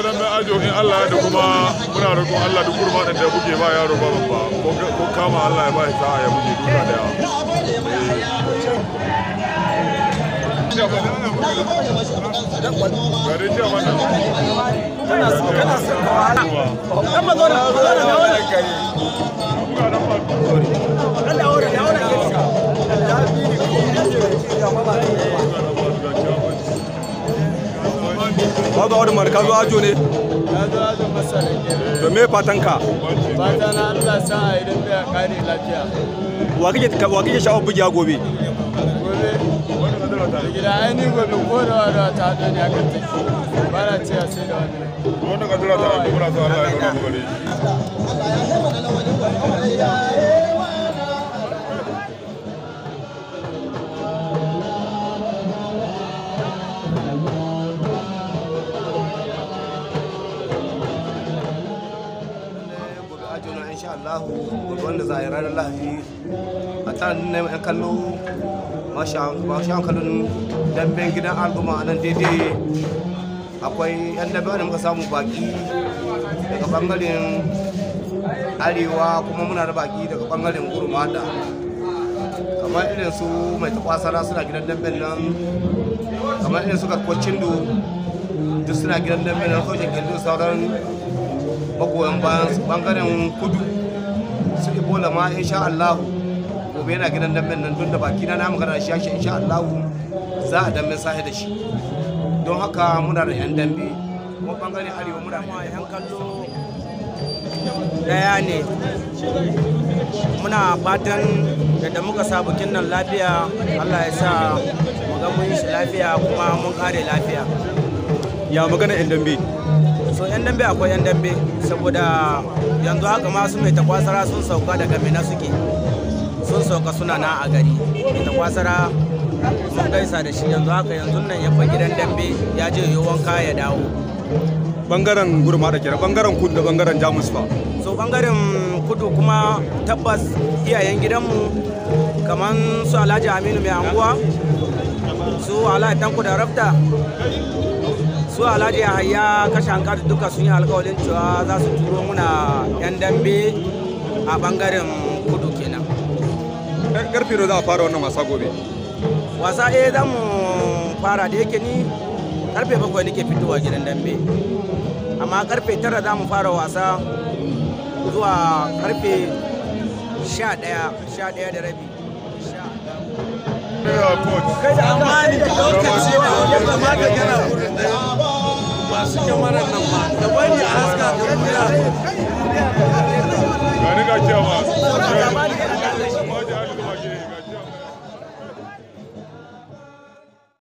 sunan mai ajo in Allah da kuma muna roƙon Allah da kurma da kuke ba yaro ba babba ko kama Allah ya ba ya sa'a ya buge duka da yawa. Baba Audumar ka zo ajo ne? Na zo ajo masa da ke. me fatan ka? Fata Allah sa a idan bai kare lafiya. Wa kake wa kake sha'awar gobe? Gobe. Gida ainihin gobe ko da wani ta haɗu ya akan take. ce a sai da wani. Wani kadura ta haɗu ta. Allah ya kawo insha Allah wanda za a yi ranar lahadi a tara nuna yan kallo mashawan kallon damben gidan alguma a nan daidai akwai yan damben da muka samu baki daga bangaren arewa kuma muna da baki daga bangaren gurmada kamar irin su mai takwasara suna gidan damben nan kamar irin su garkwacin duk suna gidan damben nan sauke gindin sauran magoyan bayan bangaren kudu su ibola ma insha Allah gobe yana gidan dambe nan tun baki na namu magana shi shi insha Allah za a dambe sahi da shi don haka muna da yan dambe kuma bangaren arewa muna da yan kallo daya ne muna fatan da muka sa bikin nan lafiya Allah ya sa mu ga mun shi lafiya kuma mun kare lafiya ya magana yan dambe so yan dambe akwai yan dambe saboda yanzu haka masu mai takwasara sun sauka daga mina suke sun sauka suna na a gari mai takwasara mun gaisa da shi yanzu haka yanzu nan ya fa gidan dambe ya je yi wanka ya dawo bangaren gurma da kira bangaren kudu da bangaren jamus fa so bangaren kudu kuma tabbas iyayen gidanmu kamar su alhaji aminu mai anguwa su alhaji tanku da rafta su alhaji yahaya kashe hankali duka sun yi alkawalin cewa za su turo muna yan dambe a bangaren kudu kenan karfe da za a fara wannan wasa gobe wasa eh za mu fara da yake ni karfe bakwai nake fitowa gidan dambe amma karfe tara za mu fara wasa zuwa karfe sha daya sha daya da rabi kai da amani da lokaci da ya kamata gana wurin da masu kyamarar nan ba da bari a haska ga ga ga